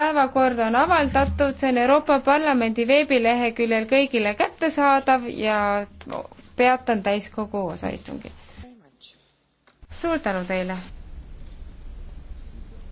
päevakord on avaldatud, see on Euroopa Parlamendi veebileheküljel kõigile kättesaadav ja peatan täiskogu osaistungi. suur tänu teile!